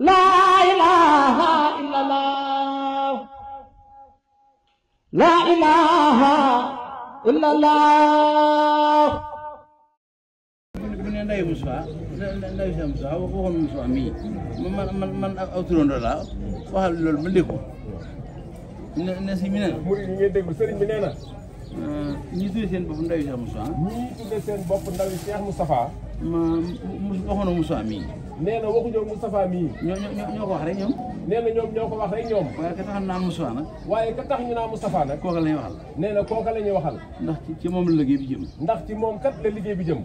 laa ilaaha illallah laa ilaaha illallah mu ne ndayu Moussa ndayu Cheikh man man man aw turandoo laa waxal bi nee na ah, ñi tuddee seen bopp ndayu Cheikh Moussa ma waxoon Moussa mii. nee na waxuñoo Moustapha mii. ñoo ñoo ñoo ko wax rek ñoom. nee na ñoom ñoo ko wax rek ñoom. waaye ka tax ñu naan Moustapha nag. waaye ka tax ñu naan Moustapha nag. kooka la ñuy waxal. nee na kooka la ñuy waxal. ndax ci moom la liggéey bi jëm. ndax ci moom kat la liggéey bi jëm.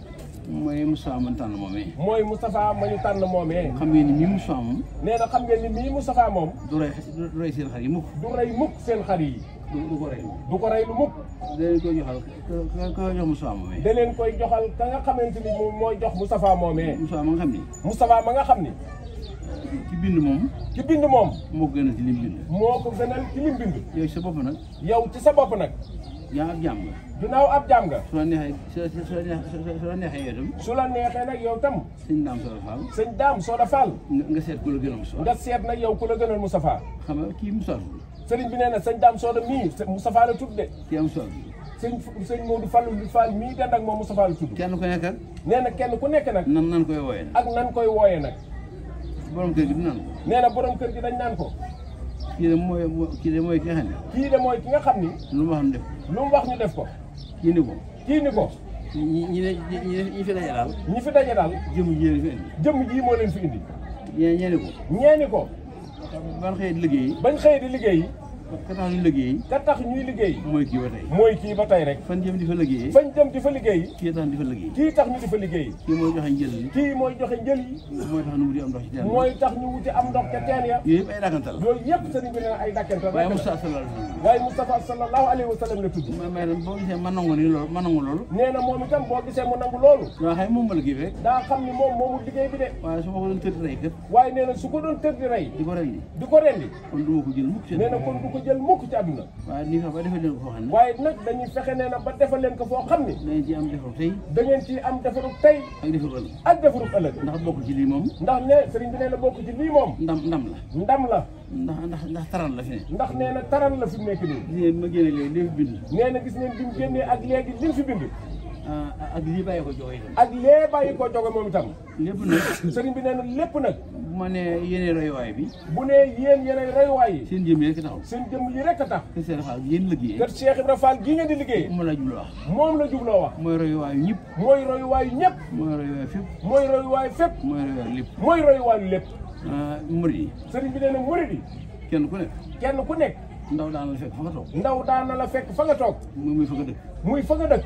mooy Moustapha ma ñu tànn moomee. mooy Moustapha ma ñu tànn moomee. xam ngeen ni mii Moustapha moom. nee na xam moom. du rey du rey seen xar yi mukk. du rey mukk seen xar yi du ko rey. du ko rey lu mukk. da leen koy joxal ka jox ka nga xamante ni moom mooy jox Moustapha moomee. Moustapha ma nga xam ni. Moustapha ma nga xam ni. ci bind moom. ci bind moom. moo gën gënal ci lim bind. moo ko gënal ci lim bind. yow ci sa bopp nag. yow ci ab jaam nga. ginnaaw ab jaam nga. su la neexee su la neexee su la neexee nag yow tam. sëñ daam sooda faal. sëñ daam sooda faal. nga seet ku la gënal Moustapha. nga seet nag yow ku la gënal Moustapha. xam nga kii Moustapha. sëriñ bi nee na sëñ Dame Soda mii Moustapha la tudd de. kii am solo. sëñ sëñ Modou Fallou Fall mii dend ak moom Moustapha la tudd. kenn ku nekk ak. nee na kenn ku nekk nag. nan nan koy wooyee. ak nan koy wooyee nag. borom kër gi du naan ko. nee na borom kër gi dañ naan ko. kii de mooy kii de mooy ki nga xam ne. kii de mooy ki nga xam ni. lu mu wax ñu def ko. lu mu wax ñu def ko. kii ni ko. kii ni ko. ñi ñi ñi ñi fi daje daal. ñi fi daje daal. jëmm jii moo leen fi indi. jëmm jii moo leen fi indi. ñee ñeeni ko. ñeeni ko. ban xëy di liggéey bañ xëy di liggéey ka tax ñuy liggéey ka tax ñuy liggéey mooy kii ba tey mooy ba tey rek fan jëm di fa liggéey fañ jëm di fa liggéey kii tax di fa liggéey kii tax ñu fa liggéey kii mooy joxe njël kii mooy joxe njël yi mooy tax ñu wuti am ndox ci teen mooy tax ñu wuti am ndox ca teen ya yooyu yëpp ay dàkkantal yooyu yëpp bi nee ay dàkkantal waaye Moussa sa alayhi wa sallam waaye Moustapha sallallahu alayhi wa sallam la tudd. mais boo gisee ma nangu nii loolu ma nangu loolu. nee na moom itam boo gisee mu nangu loolu. waaw xëy moom la kii rek. bi de. waaye su ma ko doon tëdd rey kat. waaye nee na su ko doon tëdd rey. di ko rendi. di ko rendi. kon du ko jël mukk ci. nee na kon du ko jël mukk ci àdduna. waaye nii sax ba defal leen ko foo xam ne. waaye nag leen ko foo xam ne. da ngeen ciy am defaru tey. da ngeen am defaru tey. ak defaru ëllëg. ak defaru ëllëg. ndax bokk ci lii moom. ndax ne sëriñ na bokk ndax ndax ndax taral la fi ne ndax nee na taral la fi mu nekk nii ma génne léegi li mu fi bind nee na gis neen bi mu génnee ak léegi li mu fi bind ak lii bàyyi ko joxe itam ak lee bàyyi ko joxe moom itam lépp nag sëriñ bi nee na lépp nag bu ma nee yéenay royuwaay bi bu nee yéen yéenay royuwaay yi seen jëm yi rek taxaw seen jëm yi rek tax kër Cheikh Fall yéen liggéey kër Cheikh Ibra Fall gii ngeen di liggéey moom la jubloo wax moom la jubloo wax mooy royuwaayu ñëpp mooy royuwaayu ñëpp mooy royuwaayu fépp mooy royuwaayu fépp mooy royuwaayu lépp mooy royuwaayu lépp Euh, murid yi sëriñ bi nee na murid yi kenn ku nekk kenn ku nekk ndaw daan la fekk fa nga toog ndaw daan na la fekk fa nga toog muy muy fa nga dëkk muy fa nga dëkk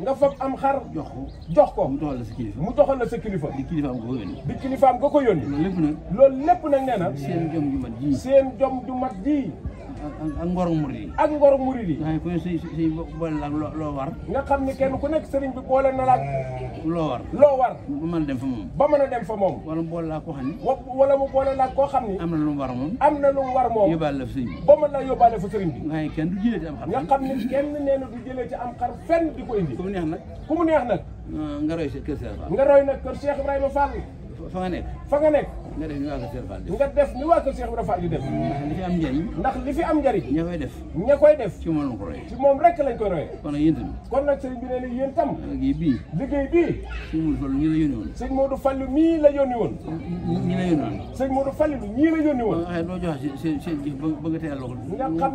nga fab am xar jox ko jox ko mu doxal la sa kilifa mu doxal la sa kilifa di kilifaam nga ko yónni di kilifaam nga ko yónni loolu lépp nag loolu nag seen jom ju mat seen jom ju mat ji ak ngoru murid yi ak ngoru murid yi nga xam ne ku ne sëñ loo war nga xam ne kenn ku nekk sëriñ bi boole na la loo war loo war ba mën a dem fa moom ba man a dem fa moom wala mu boole laa koo xam ne wala mu boole laa koo xam ne am na lu mu war moom am na lu mu war moom yóbbaale la fa sëriñ bi ba mën la yóbbaale fa sëriñ bi nga xam ne kenn du jëlee ci am xar nga xam ne du jëlee ci am xar fen di ko indi ku mu neex nag ku mu neex nag nga roy sa kër Cheikh Fall nga roy nag kër fa nga nekk fa nga nekk nga def ni waa Kër Cheikh Fall def nga def ni waa Kër Cheikh Ibra Fall di def ndax li fi am njariñ ndax li fi am njariñ ña koy def ña koy def ci moom lañ ko royee ci moom rek lañ koy royee kon nag yéen tam kon nag sëriñ bi nee na yéen tam liggéey bii liggéey bii sëñ Modou Fall mii la yónni woon sëñ Modou Fall mii la yónni woon ñii la yónni woon sëñ Modou Fall mii la yónni woon waaye loo joxe seen seen jëf ba nga teyal loxo nga xam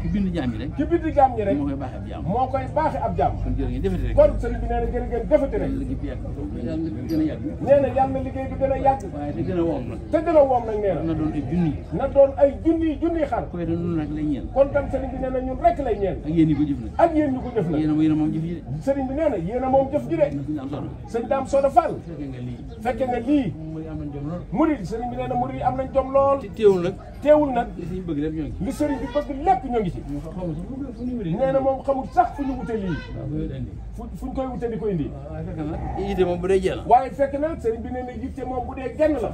ci bind jaam ñi rek ci bind jaam ñi rek moo koy baaxee ab jaam moo koy baaxee ab jaam kon jërë ngeen defati rek kon sëriñ bi nee na jërë ngeen defati rek liggéey bi yàgg gën a yàgg nee na yàlla liggéey bi gën a yàgg waaye te gën a woom nag te gën a woom nag nee na na doon ay junni na doon ay junni junni xar koy doon ñun rek lay ñeel kon tam sëriñ bi nee na ñun rek lay ñeel ak yéen ñi ko jëf nag ak yéen ñi ko jëf nag yéen a moom jëf ji de sëriñ bi nee na yéen a moom jëf ji de sëñ daam sooda fall fekke nga lii fekke nga lii mu ni sëriñ bi nee na murid yi am nañ jom lool teewul nag teewul nag li sëriñ bëgg lépp ñoo ngi li sëriñ bi bëgg lépp ñoo ngi ci nee na moom xamul sax fu ñu wute lii fu ñu koy wute di ko indi yitte moom bu dee jenn waaye fekk na sëriñ bi nee na yitte moom bu dee genn la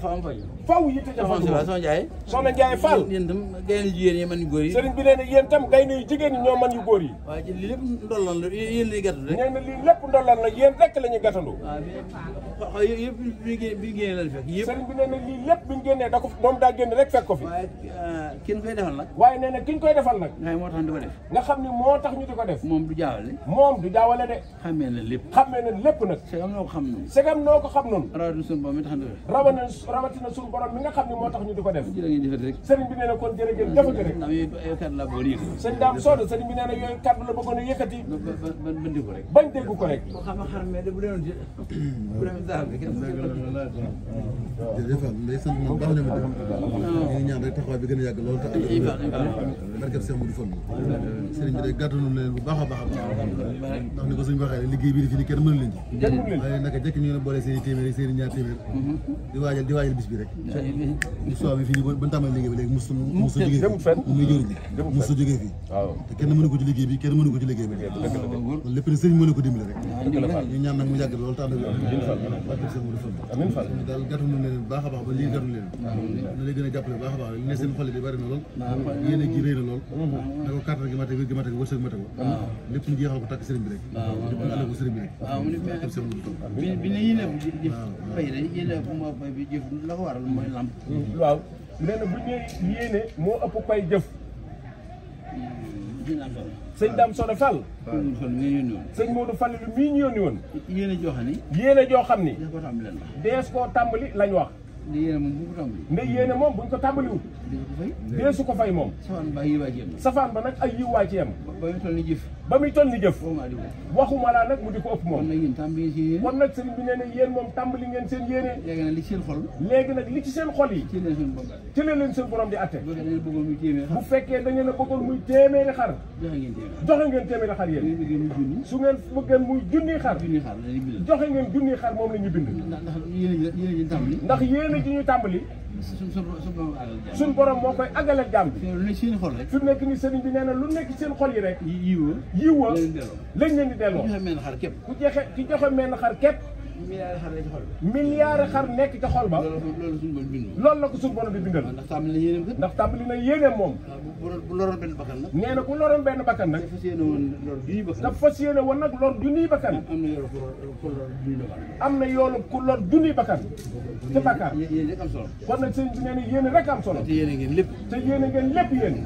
faw yitte ja faju soxna Njaay soxna Njaay Fall yéen tam gay na jigéen yi man yu góor yi sëriñ bi nee na yéen tam gay na yu jigéen ñoo man yu góor yi waaye lii lépp ndolloon la yéen lay gàttandu nee na lii lépp ndolloon la yéen rek la ñu gàttandu bi nee na lii lépp bi ñu génnee da ko moom daa génn rek fekk ko fi. waaye euh, ki ñu koy defal nag. waaye nee na ki ñu koy defal nag. nga xam moo tax ñu di ko def. nga xam ni moo tax ñu di ko def. moom du jaawale. moom du jaawale de. xamee na lépp. xamee na lépp nag. segam noo ko xam noonu. segam noo ko xam noonu. rawatina suñu borom mi tax ñu di ko def. rawatina rawatina suñu borom mi nga xam ni moo tax ñu di ko def. jërë ngeen jëfati rek. sëriñ bi nee na kon jërëjëf jëfati rek. sëñ daam sooda sëriñ bi nee na yooyu kàddu la bëggoon a yëkkati. bañ dégg ko rek. bañ dégg ko rek. jërëjëf Fatou Ndeye sant naa baax na ma def ñu ñaan rek taxawaay bi gën a yàgg lool. barkeb Seex Moodu Fall sëriñ bi day gàttaloon leen bu baax a baax a baax ndax ni ko suñu waxee liggéey bi di fi ni kenn mënu leen ci waaye naka jëkk ñu ne boole seen i téeméer seen i ñaar téeméer di waajal di waajal bis bi rek so bi fii ban tàmbali liggéey bi léegi mos mos a jógee fii muy jóriñ mos a jógee fii te kenn mënu ko ci liggéey bi kenn mënu ko ci liggéey bi kon lépp ne sëriñ mënu ko dimbali rek ñu ñaan nag mu yàgg loolu tax na barkeb Seex Moodu Fall sëriñ bi daal gàttaloon leen bu baax a baax ba lii gàttaloon leen na lay gën a jàppale bu baax a baax li ne seen xol bi bari na lool yéen a ji réy na lool da ko carte gima tagu gima tagu wosse gima tagu lepp ñu jéxal ko tak sëriñ bi rek lepp ñu alagu sëriñ bi rek waaw mu ñu fay bi ñi ñu fay rek yéne bu ma fay bi jëf la ko waral moy lamp waaw néna bu ñi yéne mo ëpp fay jëf Seigne Dame Sodo Fall Seigne Modou Fall lu mi ñu yoni won yéne jo xamni yéne jo xamni dess ko tambali lañ wax ne yéen moom bu ñu ko ne yéen moom bu ko tàmbaliwul. dee su ko fay moom. safaan ba ay yiwaay ci yam. safaan ba nag ay yiwaay ci yam. ba muy toll ni jëf ba muy toll ni jëf waxuma laa nag mu di ko ëpp moom kon nag sëriñ bi nee na moom tàmbali ngeen seen yéene léegi nag li ci seen xol léegi nag li ci seen xol yi ci leen seen borom di atte bu fekkee da ngeen a bëggoon muy téeméeri xar joxe ngeen téeméeri xar yéen su ngeen bëggeen muy junni xar joxe ngeen junni xar moom la ñu bind ndax yéen a ji ñu tàmbali suñ borom moo koy àggale ak jaam bi. lu nekk seen xol rek. su nekk ni sëriñ bi nee na lu nekk seen xol yi rek. yiiwa yiiwa lañ leen di delloo. lañ leen di delloo. ku joxe menn xar képp. ku joxe ku xar képp. milliard xar nekk ci xol ba. milliard xar nekk ci la ko suñu borom di bindal. ndax tàmbali yéeneem de. ndax tàmbali na yéeneem moom. Ah, bu nag. nee na ku loroon benn bakkan nag. dafa fas yéene woon lor junniy bakkan. dafa fas yéene woon nag lor junniy bakkan. am na yoolu ku lor junniy bakkan. ci bakkaar kon nag sëñ bi nee na rek am solo. te yéene ngeen lépp. te yéene ngeen lépp yéen.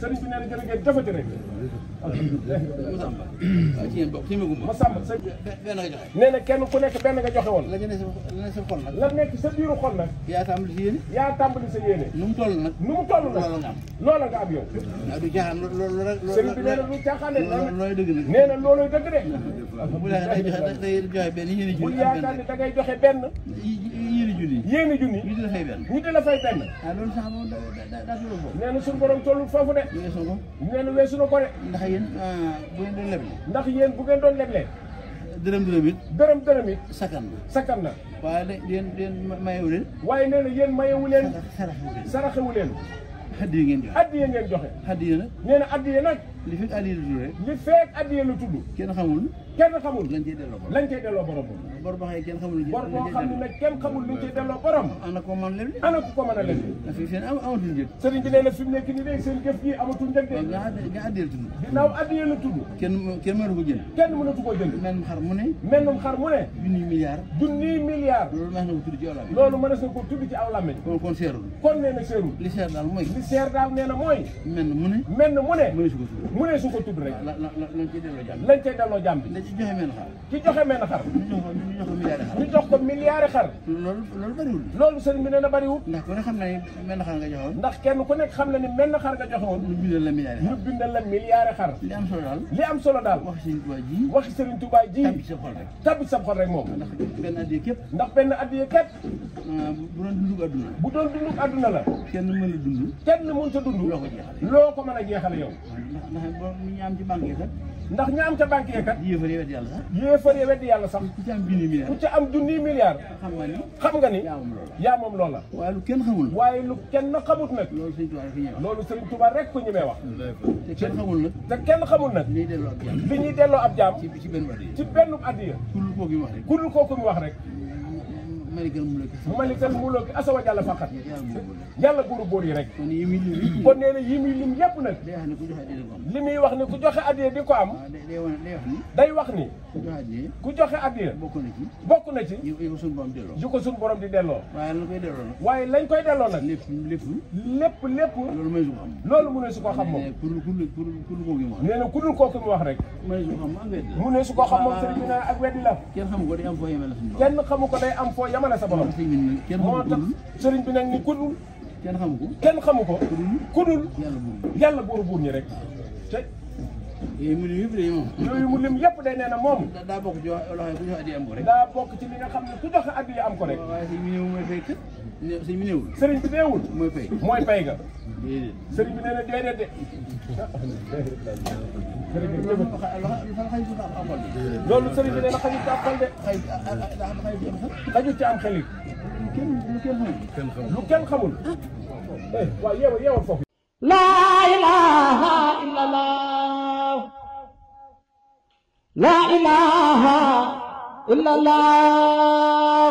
sëriñ bi nee na jërë rek Masamba nee na kenn ku nekk benn nga joxe woon. la nekk sa xol nag. la nekk sa biiru xol nag. yaa tàmbali sa yéene. yaa tàmbali sa yéene. nu mu toll nag. nu mu toll nag loola nga am yow. ah du caaxaan loolu rek. sëriñ bi nee na du caaxaan de. loolu dëgg nag nee na loolooy dëgg de. bu yaakaar ne da ngay joxe benn. junni. ñeenti junni. ñu di la fay benn. ñu di la fay benn. ah loolu sax moom daa daa tollu foofu. nee na suñu borom tollu foofu de. weesu ko. nee na weesu na ko ndax yéen ah, bu doon leble. ndax yéen bu ngeen doon leble. dërëm dërëm it. dërëm dërëm it. sakkan na sakkan na. waaye nag yéen yéen mayewu leen. waaye nee na yéen mayewu leen. saraxewu leen addiye ngeen joxe addiye ngeen joxe. addiye nag. nee na addiye nag. li fekk addiye la tudd rek. li fekk kenn xamul. kenn xamul lañ cay delloo borom lañ cay delloo borom bor boo xam ne kenn xamul bor boo xam ne nag kenn xamul luñ cay delloo borom ana ko mën leen ana ko ko mën a leen seen amatul njëg sëriñ bi nee na fi mu nekk nii de seen këf gi amatul njëg de nga addee la tudd ginnaaw addee la tudd kenn kenn mënatu ko jënd kenn mënatu ko jënd mennum xar mu ne mennum xar mu ne junniy milliard junniy milliard loolu mën na ko tudd ci aw làmmiñ loolu mën na ko tudd ci aw làmmiñ kon kon seerul kon nee na seerul li seer daal mooy li seer daal nee na mooy menn mu ne menn mu ne mu ne su ko tudd rek lañ cay delloo jàmm lañ cay delloo jàmm bi ci joxe meen xar. ci joxe meen xar. ñu jox ko milliards xar. loolu loolu bariwul. loolu sëriñ bi nee na bariwul. ndax ku ne xam na ne meen xar nga joxoon. ndax kenn ku nekk xam na ne meen xar nga joxoon. ñu bindal la milliards xar ñu bindal la milliards xar. li am solo daal. li am solo daal. waxi sëriñ Tuubaa ji. waxi sëriñ Tuubaa ji. tabbi sa xol rek. tabbi sa xol rek moom. ndax benn addiya képp. ndax benn addiya képp. bu doon dundug adduna. bu doon dundug adduna la. kenn mën a dund. kenn mënut a dund. loo ko jeexale loo ko mën a jeexale yow. ndax ndax boo ñu am ci banque kat ndax ña am ca banque yi kat. yéefar yi yàlla sax. yéefar yi weddi yàlla sax. ku ci am junni milliard. ku ci am junni milliard. xam nga ni. xam nga ni yaa moom loola. waaye kenn xamul. waaye lu kenn xamut nag. loolu sëñ Tuubaa rek loolu sëñ Tuubaa rek ku ñemee wax. te kenn xamul nag. te kenn xamul nag. li ñuy delloo ab jaam. li ñuy delloo ab jaam. ci benn at yi. ci benn at yi. ku dul kooku wax rek. malikal mulki asawa jàlla faqat yàlla góoru bóor yi rek kon nee na yi muy lim yépp nag li muy wax ni ku joxe addiya di ko am ah, day wax ni ku joxe addiya bokk na ci yu ko suñu borom di delloo waaye lañ koy delloo nag lépp lépp loolu mu ne su ko xam moom nee na ku dul kooku mu wax rek mu ne su ko xam moom sëriñ bi na ak weddi la kenn xamu ko day am foo yemale jàppale sa borom moo tax sëriñ bi nag ni kudul kenn xamu ko kenn xamu ko kudul yàlla buur buur ñi rek te yooyu mu lim yëpp day moom yooyu mu lim yëpp day nee na moom da bokk ci loxo ku joxe addiya am ko rek daa bokk ci li nga xam ne ku joxe addiya ko rek waaye sëñ bi néewul mooy fay kër sëñ bi néewul sëriñ bi néewul mooy fay mooy fay loolu sëriñ bi nee na xajul de. xajul ci am xel yi. lu kenn xamul lu kenn ilaaha illallaah